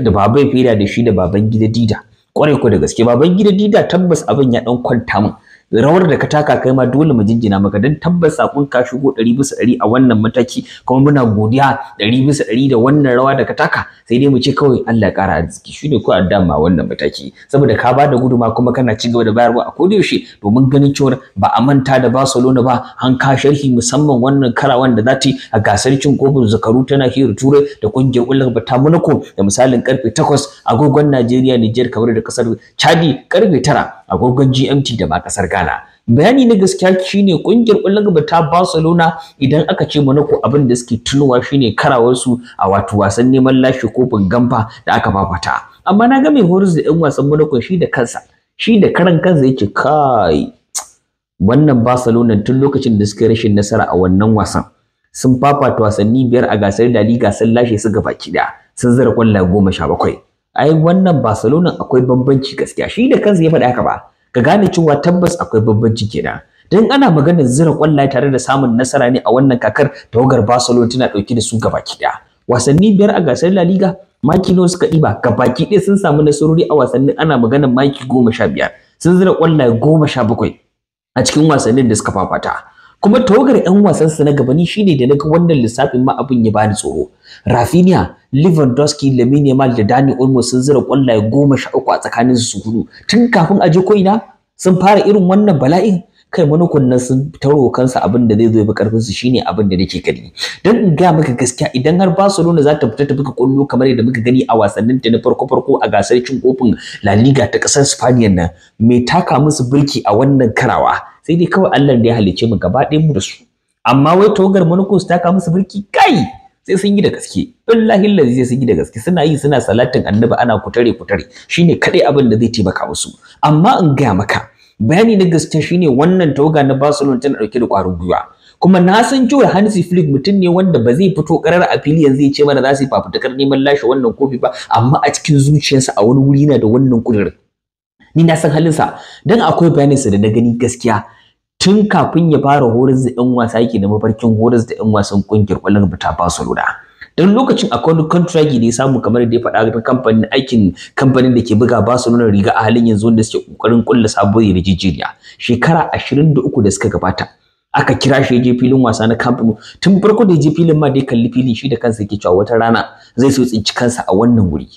da babai fida da shi da baban gida dida kwarai ko da gaske baban gida dida tabbas abin ya dan kwanta mun. rawar da ka taka kai ma dole mu jinjina maka dan tabbas sakon ka shigo 100 bisa 100 a wannan mataki kuma muna godiya 100 bisa 100 da wannan rawa da ka taka sai dai mu ce kawai Allah ya kara arziki shine ko addama wannan mataki saboda ka bada guduma kuma kana ci gaba da bayarwa a koda yaushe domin ganin cewa ba a manta da Barcelona ba an ka sharhi musamman wannan za da yi a gasar cin kofin zakaru tana hira turai da kungiyar Ullar ta Monaco da misalin karfe 8 agogon Najeriya Niger kamar da kasar Chadi karfe 9 agogon GMT da ma kasar Ghana bayani na gaskiya shine kungiyar kullun gaba ta Barcelona idan aka ce Monaco abin da suke tunowa shine karawar su a wato wasan neman lashe kofin gamba da aka fafata amma na ga mai horis da 'yan wasan Monaco shi da kansa shi da karan kansa yake kai wannan Barcelona tun lokacin da suke rashin nasara a wannan wasan sun fafata wasanni biyar a gasar da liga sun lashe su gaba kida sun zira kwallaye goma sha bakwai ai wannan Barcelona akwai bambanci gaskiya shi da kansa ya faɗa haka ba ka gane cewa tabbas akwai bambanci kenan dan ana maganar zira kwallaye tare da samun nasara ne a wannan kakar tawagar Barcelona tana ɗauki da su gabaki ɗaya wasanni biyar a gasar La Liga maki nawa suka ɗiba gabaki ɗaya sun samu nasarori a wasannin ana maganar maki goma sha biyar sun zira kwallaye goma sha bakwai a cikin wasannin da suka fafata kuma tawagar 'yan wasansa na gabani shine da naga wannan lissafin ma abin ya bani tsoro Rafinha Lewandowski Lamine Yamal da Dani Olmo sun zira kwallaye goma sha uku a tsakanin su hudu tun kafin aje ina sun fara irin wannan bala'in kai manukun nan sun taro kansa abin da zai zo ya bi karfin su shine abin da nake gani dan in ga maka gaskiya idan har Barcelona za ta fita ta buga kullu kamar yadda muka gani a wasannin ta na farko farko a gasar cin kofin La Liga ta kasar Spain nan me taka musu birki a wannan karawa sai dai kawai Allah da ya halicce mu gaba ɗayan mu da su amma wai togar manukos ta kawo musu birki kai sai sun yi da gaske billahi lazi sai sun yi da gaske suna yi suna salatin annabi ana kutare kutare shine kadai abin da zai taimaka musu amma in gaya maka bayani na gaske shine wannan toga na Barcelona tana dauke da ƙwarin gwiwa kuma na san cewa Hansi Flick mutum ne wanda ba zai fito karar a fili yanzu ya ce mana za su yi fafutukar neman lashe wannan kofi ba amma a cikin zuciyarsa a wani wuri na da wannan kudirin ni na san halin sa, dan akwai sa da na gani gaskiya tun kafin ya fara horas da yan wasa yake da mafarkin horas da yan wasan kungiyar kwallon bata Barcelona dan lokacin akwai wani contract da ya samu kamar da ya faɗa ga kamfanin aikin kamfanin da ke buga Barcelona riga a halin yanzu wanda suke kokarin kulla sabuwar yarjejeniya shekara 23 da suka gabata aka kira shi je filin wasa na Camp Nou tun farko da je filin ma da ya kalli filin shi da kansa yake cewa wata rana zai so tsinci kansa a wannan wuri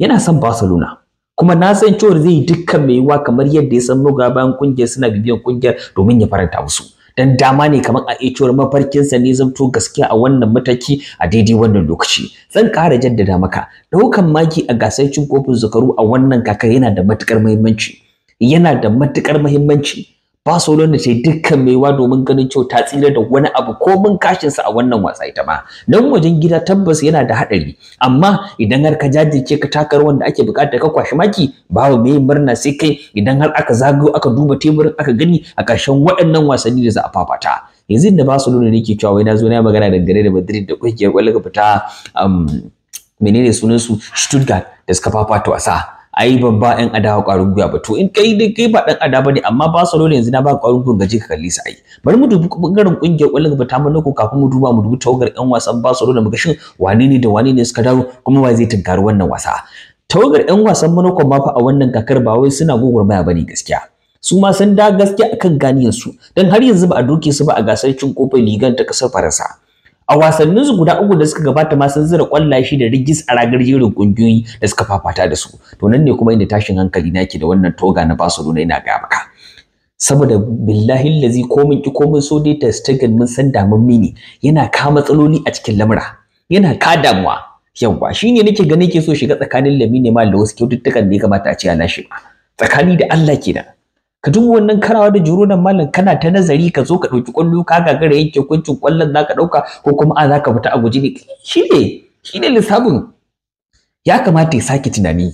yana son Barcelona kuma na san cewar zai yi dukkan mai yiwuwa kamar yadda ya san ga bayan kungiyar suna bibiyan kungiyar domin ya faranta musu dan dama ne kamar a cewar mafarkinsa ne zamto gaskiya a wannan mataki a daidai wannan lokaci zan ƙara jaddada maka ɗaukan maki a gasar cin kofin zakaru a wannan kakar yana da matukar muhimmanci yana da matukar muhimmanci ba su wanda ta dukkan maiwa domin ganin cewa ta tsira da wani abu ko mun kashin sa a wannan wasa ita ma nan wajen gida tabbas yana da haɗari, amma idan har ka jajirce ka takar wanda ake bukata ka kwashi maki babu mai murna sai kai idan har aka zago aka duba teburin aka gani a ƙarshen waɗannan wasanni da za a fafata yanzu da Barcelona ne ke cewa wai na zo na magana dangane da Madrid da kungiyar kwallon fita menene sunansu Stuttgart da suka fafata wasa ai babba yan adawa ƙwarin gwiwa ba to in kai dai kai ba ɗan adawa bane amma ba Barcelona yanzu na ba ƙwarin gwiwa gaje ka kalli su ai bari mu dubi bangaren kungiyar ƙwallon gaba ta Monaco kafin mu duba mu dubi tawagar yan wasan Barcelona mu ga shin wane ne da wane ne suka dawo kuma wa zai tunkari wannan wasa tawagar yan wasan manoko ma fa a wannan kakar ba wai suna gogurmaya bane gaskiya su ma sun da gaskiya akan ganiyar su dan har yanzu ba a doke su ba a gasar cin kofin ligan ta kasar Faransa a wasannin su guda uku da suka gabata ma sun zira kwallaye shi da rigis a ragar jerin kungiyoyi da suka fafata da su to nan ne kuma inda tashin hankali na ke da wannan toga na Barcelona ina ga maka saboda billahi lazi komin ki komin so dai ta Stegen mun san damun mini yana ka matsaloli a cikin lamura yana ka damuwa Yawa, shine nake ganin ke so shiga tsakanin Lamine Yamal da wasu kyaututtukan da ya kamata a ce ana shi tsakani da Allah kenan ka duk wannan karawa da jurunan mallan kana ta nazari ka zo ka ɗauki ƙwallo ka gagara yanke hukuncin ƙwallon za ka ɗauka ko kuma a za ka fita a guji ne shi ne shi ne lissafin ya kamata ya sake tunani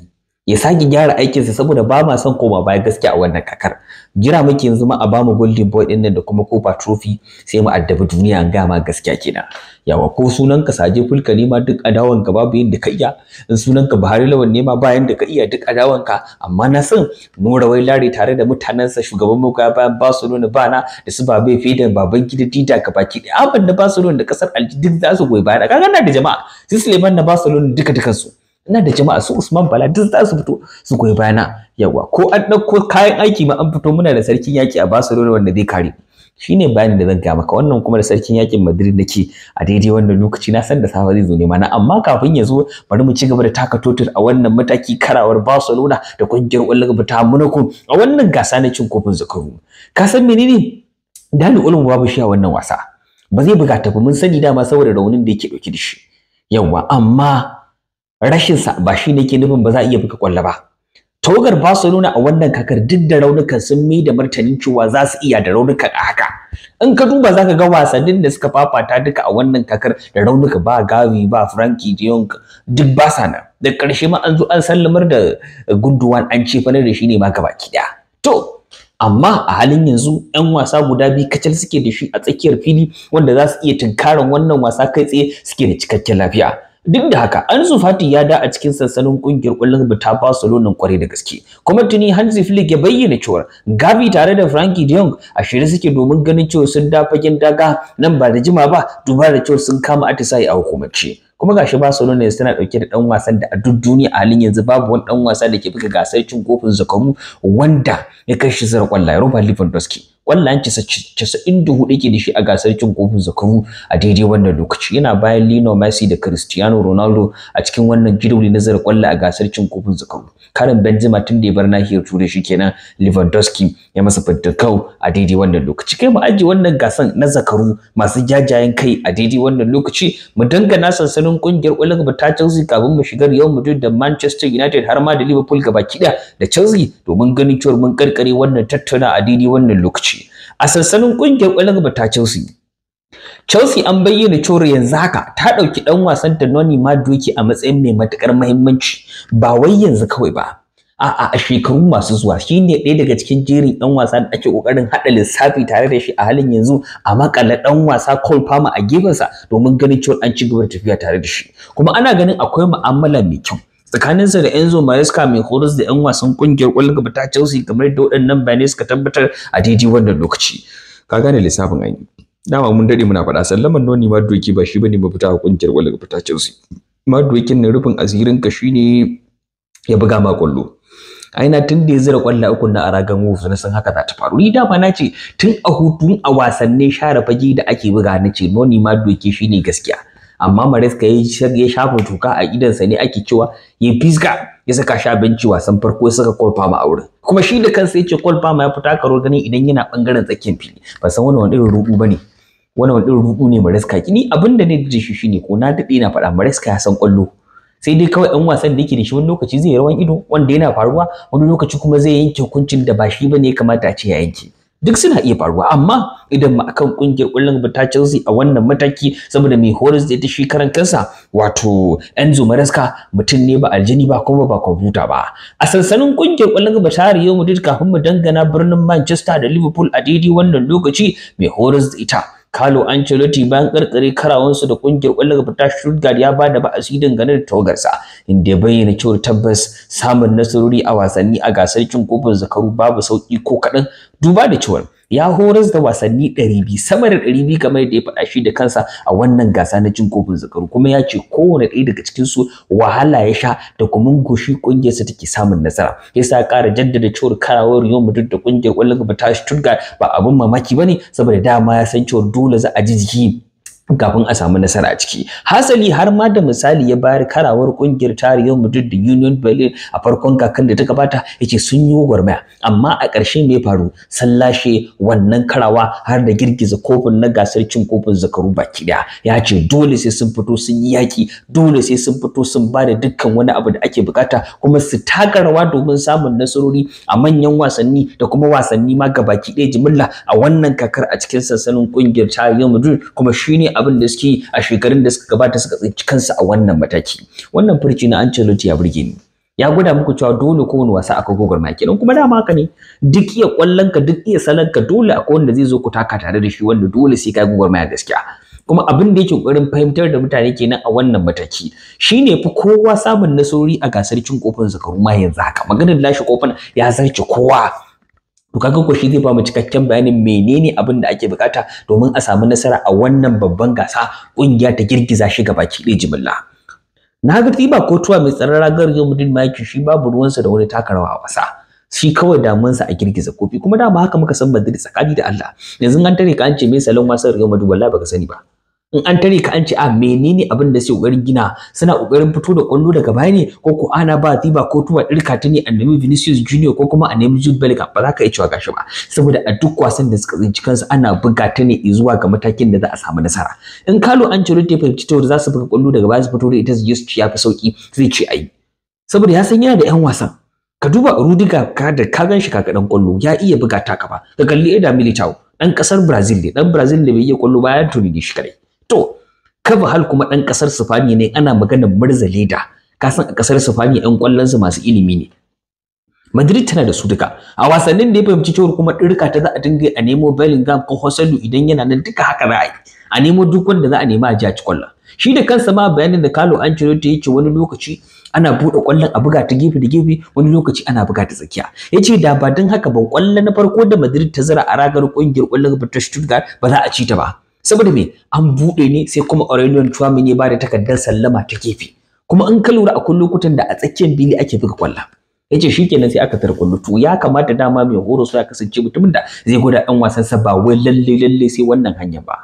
ya sake gyara aikinsa saboda ba ma son koma baya gaskiya a wannan kakar jira muke yanzu ma a bamu golden boy ɗin nan da kuma Copa trophy sai mu addabi duniya ga ma gaskiya kenan yawa ko sunanka saje fulka ma duk adawanka babu yin da ka iya in sunanka Buhari lawan ne ma bayan da ka iya duk adawanka amma na san Morawai Lare tare da mutanensa shugaban ga bayan Barcelona bana da su babe da baban gidan Dida ka baki da abin da Barcelona da kasar Alji duk za su goyi bayan kaga na da jama'a su Suleiman na Barcelona duka dukansu ina da jama'a su Usman Bala duk za su fito su goyi bayana yawa ko an ɗauko kayan aiki ma an fito muna da sarkin yaki a Barcelona wanda zai kare Shi ne bayanin da zan ga maka wannan kuma da sarkin yakin Madrid nake a daidai wannan lokaci na san da safa zai zo ne mana amma kafin ya zo bari mu ci gaba da taka totir a wannan mataki karawar Barcelona da kungiyar ƙwallon ta Monaco a wannan gasa na cin kofin zakaru ka san menene Dani Olmo babu shi a wannan wasa ba zai buga tafi mun sani dama saboda raunin da yake dauke da shi yawa amma rashin sa ba shi ne ke nufin ba za a iya buga kwallo ba tawagar Barcelona a wannan kakar duk da raunukan sun mai da martanin cewa za su iya da raunukan a haka in ka duba za ka ga wasannin da suka fafata duka a wannan kakar da raunuka ba Gavi ba Franky de Jong duk ba sa nan da ƙarshe ma an zo an sallamar da gunduwan an ce na da shi ne ma gaba ki to amma a halin yanzu 'yan wasa guda biyu kacal suke da shi a tsakiyar fili wanda za su iya tunkaran wannan wasa kai tsaye suke da cikakken lafiya Duk da haka, Ansu Fati ya da a cikin sansanin kungiyar ƙwallon ta Barcelona kwarai da gaske. Kuma tuni Hansi Flick ya bayyana cewa Gavi tare da Frankie De Jong a shirye suke domin ganin cewa sun da fagen daga nan ba da jima ba, duba da cewa sun kama atisayi a hukumance. kuma gashi Barcelona tana dauke da ɗan wasan da a duk duniya a halin yanzu babu wani dan wasa da ke buga gasar cin kofin zakaru wanda ya kai shi zira kwallaye Robert Lewandowski kwallayen hudu yake da shi a gasar cin kofin zakaru a daidai wannan lokaci yana bayan Lionel Messi da Cristiano Ronaldo a cikin wannan gidauni na zara kwalla a gasar cin kofin zakaru karin Benzema tun da ya bar nahiyar Turai shikenan Lewandowski ya masa kau a daidai wannan lokaci kai mu aji wannan gasar na zakaru masu jajayen kai a daidai wannan lokaci mu dangana sansanin kungiyar gaba ta Chelsea kafin mu shigar yau mu da Manchester United har ma da Liverpool gaba kiɗa da Chelsea domin ganin cewa mun karkare wannan tattauna a daidai wannan lokaci a sansanin ƙungiyar kwallon gaba ta Chelsea. Chelsea an bayyana coro yanzu haka ta ɗauki ɗan wasan ta Noni Maduki a matsayin mai matuƙar muhimmanci ba wai yanzu kawai ba. A'a a shekaru masu zuwa shine ɗaya daga cikin jerin ɗan wasa da ake ƙoƙarin haɗa lissafi tare da shi a halin yanzu a makalla ɗan wasa Cole Palmer a gefensa domin ganin cewa an ci gaba da tafiya tare da shi. Kuma ana ganin akwai mu'amala mai kyau. tsakaninsa da Enzo Maresca mai horas da 'yan wasan kungiyar ƙwallon gaba ta Chelsea kamar da waɗannan bayanai suka tabbatar a daidai wannan lokaci ka gane lissafin an yi dama mun daɗe muna faɗa sallaman noni ma doki ba shi bane mafita a kungiyar ƙwallon gaba ta Chelsea ma dokin ne rufin asirin ka shine ya buga ma ƙwallo aina tun da ya zira kwallo uku na aragan wolves na san haka za ta faru ni dama na ce tun a hutun a wasannin share fage da ake buga na ce noni ma shi ne gaskiya amma Maresca ya shafa toka, a idansa ne ake cewa ya fiska ya saka shi a wasan farko ya saka kwalfa ma a wurin kuma shi da kansa ya ce kwalfa ma ya fita karo gani idan yana bangaren tsakiyar fili ba san wani wani rubu bane wani wani irin rubu ne Maresca kini abin da ne da shi shine ko na dade na faɗa Maresca ya san kwallo sai dai kawai ɗan wasan da yake da shi wani lokaci zai rawan ido wanda yana faruwa wani lokaci kuma zai yanke hukuncin da ba shi bane ya kamata a ce ya yanke duk suna iya faruwa amma idan ma akan kungiyar kullun ta Chelsea a wannan mataki saboda mai horis da ita shi karan kansa wato Enzo Maresca mutum ne ba aljini ba kuma ba kwamfuta ba a sansanin kungiyar kullun ta Real Madrid kafin mu dangana birnin Manchester da Liverpool a daidai wannan lokaci mai horis da ita Carlo Ancelotti bayan karkare karawansu da kungiyar kwallon gaba ta Stuttgart ya bada ba'asi dangane da tawagarsa inda ya bayyana cewa tabbas samun nasarori a wasanni a gasar cin kofin zakaru babu sauki ko kadan duba da cewa ya horas da wasanni 200 sama da 200 kamar da ya faɗa shi da kansa a wannan gasa na cin kofin zakaru kuma ya ce kowane ɗaya daga cikin su wahala ya sha da kuma goshi kungiyar sa take samun nasara yasa ya ƙara jaddada cewar karawar Real Madrid da kungiyar ƙwallon gaba ta Stuttgart ba abin mamaki bane saboda dama ya san cewar dole za a ji jiki kafin a samu nasara a ciki hasali har ma da misali ya bayar karawar kungiyar tariyar madrid da union berlin a farkon kakan da ta gabata yake sun yi gwarmaya amma a ƙarshe me faru sun lashe wannan karawa har da girgiza kofin na gasar cin kofin zakaru baki daya ya ce dole sai sun fito sun yi yaki dole sai sun fito sun ba da dukkan wani abu da ake bukata kuma su taka rawa domin samun nasarori a manyan wasanni da kuma wasanni ma gabaki ɗaya jimilla a wannan kakar a cikin sansanin kungiyar tariyar madrid kuma shine abin da suke a shekarun da suka gabata suka tsinci kansu a wannan mataki wannan furci na Ancelotti ya burge ni ya gwada muku cewa dole ko wani wasa aka maki don kuma dama haka ne duk iya kwallon ka duk iya salon ka dole akwai wanda zai zo ku taka tare da shi wanda dole sai gogar maki gaskiya kuma abin da yake kokarin fahimtar da mutane kenan a wannan mataki shine fa kowa samun nasori a gasar cin kofin zakaru ma yanzu haka maganar lashe kofin ya zarce kowa To kaga ko shi zai ba mu cikakken bayanin menene abin da ake bukata domin a samu nasara a wannan babban gasa kungiya ta girgiza shi ga baki ɗaya jimilla. Na ga ba ko tuwa mai tsaron ragar yau mutum maki shi babu ruwansa da wani taka rawa a wasa. Shi kawai damunsa a girgiza kofi kuma dama haka muka san Madrid tsakani da Allah. Yanzu an tare ka an ce me salon wasan Real Madrid wallahi baka sani ba. in an tare ka an ce a ah, menene abin da sai kokarin gina suna kokarin fito da kwallo daga baya ne ko ko ana ba tiba ko tuwa dirka ta ne a nemi Vinicius Junior ko kuma a nemi Jude Bellingham ba za ka iya cewa gashi ba saboda a duk wasan da suka tsinci kansu ana buga ta ne zuwa ga matakin da za a samu nasara in an ce ya fahimci cewa za su buga kwallo daga baya su fito da ita su je su ci yafi sauki zai ce ayi saboda ya san yana da yan wasan ka duba Rudiga ka da ka ganshi kakadan kwallo ya iya buga ta kafa ka kalli Eda Militao dan kasar Brazil ne dan Brazil ne bai iya kwallo ya tuni shi kadai to hal kuma ɗan ƙasar Sifaniya ne ana maganar Mirza Leda ka san a ƙasar Sifaniya 'yan ƙwallonsu masu ilimi ne Madrid tana da su duka a wasannin da ya fahimci cewar kuma ɗirka ta za a dinga a nemo Bellingham ko Hosselu idan yana nan duka haka za a yi a nemo duk wanda za a nema a ji ci ƙwallon shi da kansa ma bayanin da Carlo Ancelotti ya ce wani lokaci ana buɗe ƙwallon a buga ta gefe da gefe wani lokaci ana buga ta tsakiya ya ce da ba don haka ba ƙwallo na farko da Madrid ta zira a ragar ƙungiyar ƙwallon ta Stuttgart ba za a ci ta ba saboda me an buɗe ne sai kuma Aurelion Tchouameni ya bada takardar sallama ta kefi kuma in ka lura akwai lokutan da a tsakiyar bili ake buga kwalla yace shikenan sai aka kullu to ya kamata dama mai horo sai ya kasance mutumin da zai gwada ɗan wasan sa ba wai lalle lalle sai wannan hanya ba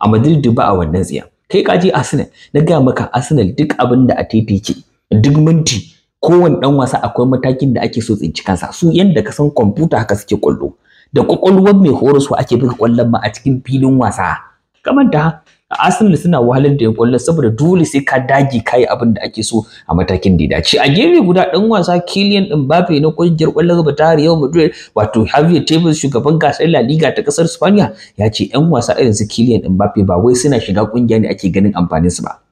a Madrid ba a wannan tsiya kai ka Arsenal na ga maka Arsenal duk abin da a titi duk minti kowane dan wasa akwai matakin da ake so tsinci kansa su yanda ka san kwamfuta haka suke kwallo da kwakwalwar mai horo su ake buga kwallon ma a cikin filin wasa kamar da Arsenal suna wahalar da kwallo saboda dole sai ka dage kai abin da ake so a matakin da dace a gefe guda dan wasa Kylian Mbappe na kungiyar kwallon gaba ta Real Madrid wato Javier Tebas shugaban gasar La Liga ta kasar Spain ya ce yan wasa irin su Kylian Mbappe ba wai suna shiga kungiya ne ake ganin amfanin su ba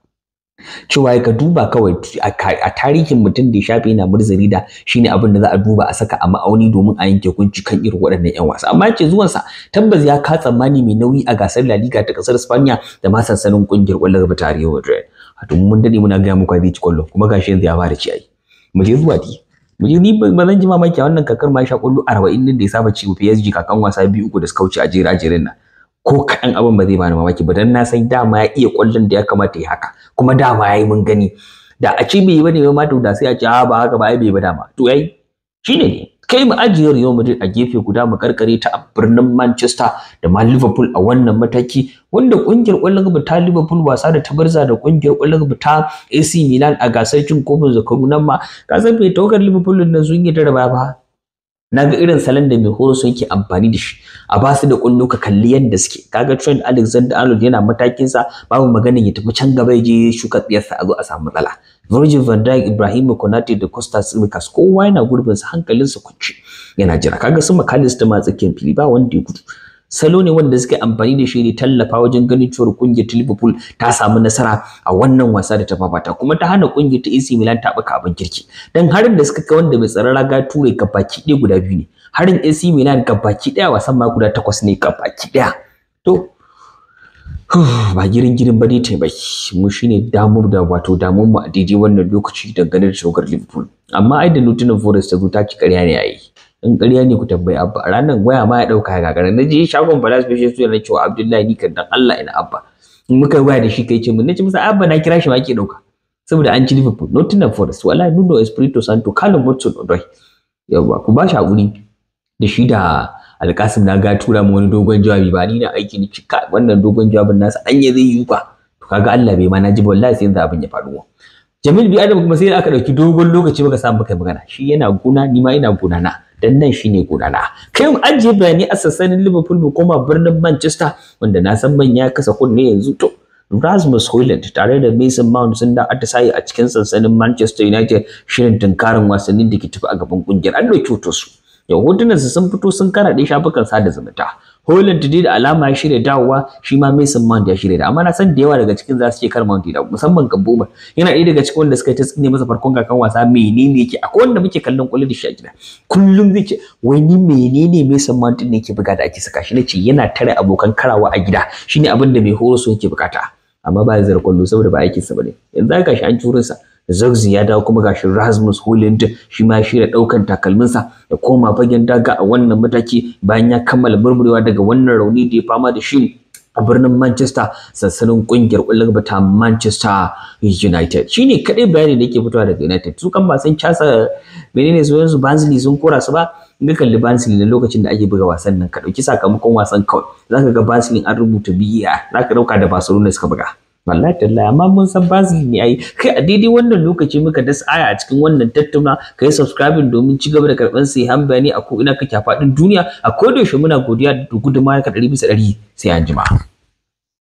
cewa ya ka duba kawai a tarihin mutum da ya shafe yana murzari da shine abin da za a duba a saka a ma'auni domin a yanke hukunci kan irin waɗannan 'yan wasa amma yace zuwansa tabbas ya ka tsammani mai nauyi a gasar La Liga ta kasar Spaniya da ma sansanin ƙungiyar ƙwallon gaba ta Real Madrid wato mun dade muna ga muku zai ci ƙwallo kuma gashi yanzu ya fara ci ai mu je zuwa di mu je ni ba zan ji mamaki a wannan kakar ma ya sha ƙwallo 40 da ya saba ci PSG kakan wasa biyu uku da suka wuce a jera jerin nan ko kaɗan abin ba zai bani mamaki ba dan na san dama ya iya ƙwallon da ya kamata ya haka kuma dama ya yi mun gani da a ce bai yi ba ne ma da sai a ce a ah, ba haka ba ai bai ba dama to yayi shi ne kai mu ajiye Real Madrid a gefe guda mu karkare ta a birnin Manchester da ma Liverpool a wannan mataki wanda kungiyar ƙwallon gaba ta Liverpool wasa da ta barza da kungiyar ƙwallon gaba ta AC Milan a gasar cin kofin zakaru nan ma gasar bai tokar Liverpool na sun yi ta ba na ga irin salon da mai horo su yake amfani da shi a ba su da kullu ka kalli yadda suke kaga trend Alexander Arnold yana matakin sa babu magana ya tafi can gaba je shuka tsiyarsa a zo a samu matsala Virgil van Dijk Ibrahim Konate da Costas Lucas kowa yana gurbin sa hankalin kwance yana jira kaga su McAllister ma tsakiyar fili ba wanda ya gudu salo ne wanda suka amfani da shi ne tallafa wajen ganin cewar kungiyar ta Liverpool ta samu nasara a wannan wasa da ta fafata kuma ta hana kungiyar ta AC Milan ta baka abin kirki dan harin da suka kai wanda mai tsaron raga ture gabaki ɗaya guda biyu ne harin AC Milan gabaki ɗaya wasan ma guda takwas ne gabaki ɗaya to ba girin girin ba dai taimaki mu shine damu da wato damun mu a daidai wannan lokaci dangane da shogar Liverpool amma ai da Nottingham Forest ta zo ta ki ƙarya ne yayi in ƙarya ne ku tambayi abba ranar waya ma ya ɗauka gagara na ji shagon balas bishe su na cewa abdullahi ni kan dan allah ina abba in muka waya da shi kai ce mun nace masa abba na kira shi ma ke ɗauka saboda an ci liverpool nottingham forest wala nuno espirito santo kalin watson odoi yawa ku ba shi haƙuri da shi da alkasim na ga tura mu wani dogon jawabi ba ni na aiki ni cika wannan dogon jawabin nasa anya zai yi ba to kaga allah bai ma na ji ba wallahi sai yanzu abin ya faru jamil bi adam kuma sai aka ɗauki dogon lokaci muka samu kai magana shi yana gona ni ma ina gona na dan nan shine gudana kai mun ajiye bayani a sassanin Liverpool mu koma birnin Manchester wanda na san man ya kasa kunne yanzu to Rasmus Hojlund tare da Mason Mount sun da atisaye a cikin sansanin Manchester United shirin tunkarin wasannin da ke tafi a gaban kungiyar an ɗauki su. Yau su sun fito sun karaɗe shafukan sada zumunta. Holland dai da alama ya shirya dawowa shi ma Mason Mount ya shirya da amma na san da yawa daga cikin za su ce kar Mount da. musamman Gabuma yana ɗaya daga cikin wanda suka ta tsine masa farkon kakan wasa menene yake akwai wanda muke kallon kullu da shi a gida kullum zai ce wai ni menene Mason Mount ne yake buga da ake saka shi ce yana tare abokan karawa a gida shine abin da mai horo so yake bukata amma ba zai kwallo saboda ba aikinsa bane yanzu ga shi an curinsa Zogzi ya dawo kuma gashi Rasmus Holland shi ma shi da daukan takalminsa ya koma fagen daga a wannan mataki bayan ya kammala murmurewa daga wannan rauni da ya fama da shi a birnin Manchester sansanin kungiyar ƙwallon Manchester United shine kadai bayani da yake fitowa daga United su kan ba casa menene su yanzu Bansley sun kora su ba ga kalli Bansley na lokacin da ake buga wasan nan ka dauki sakamakon wasan kawai zaka ga Bansley an rubuta biya zaka ɗauka da Barcelona suka buga wallahi tallahi amma mun san bazi ne ai kai a daidai wannan lokaci muka dasa aya a cikin wannan tattauna ka yi subscribing domin ci gaba da karɓar sai han bayani a ko ina kake faɗin duniya a kodayaushe muna godiya da gudunmawar ka ɗari bisa ɗari sai anjima? jima.